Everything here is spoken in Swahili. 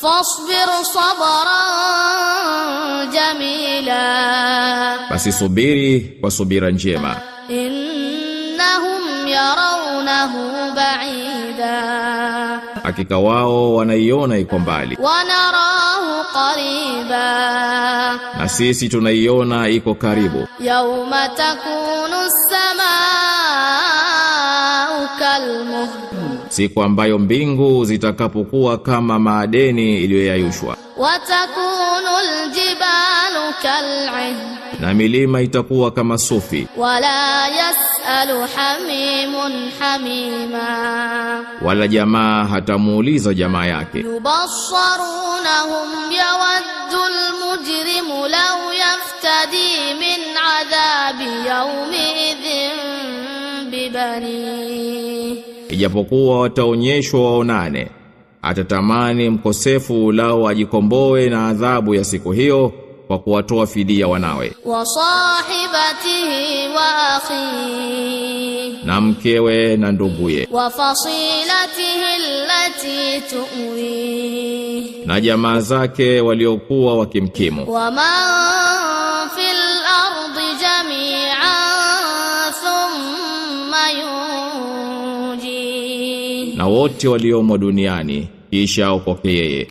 fasbir sabran jamila, basi subiri kwa subira njema. Innahum yarawnahu ba'ida, hakika wao wanaiona iko mbali. Wanarahu qariba, na sisi tunaiona iko karibu. Yauma takunu siku ambayo mbingu zitakapokuwa kama maadeni iliyoyayushwa, watakunu aljibalu kal'ih, na milima itakuwa kama sufi, wala yasalu hamimun hamima, wala jamaa hatamuuliza jamaa yake, yubasharunahum yawaddu almujrimu law yaftadi min adhabi yawmi idhin bibani ijapokuwa wataonyeshwa waonane atatamani mkosefu lao ajikomboe na adhabu ya siku hiyo kwa kuwatoa fidia wanawe wa sahibatihi wa akhi na mkewe na nduguye wa fasilatihi allati tuwi na jamaa zake waliokuwa wakimkimu wa man na wote waliomo duniani kisha upokee yeye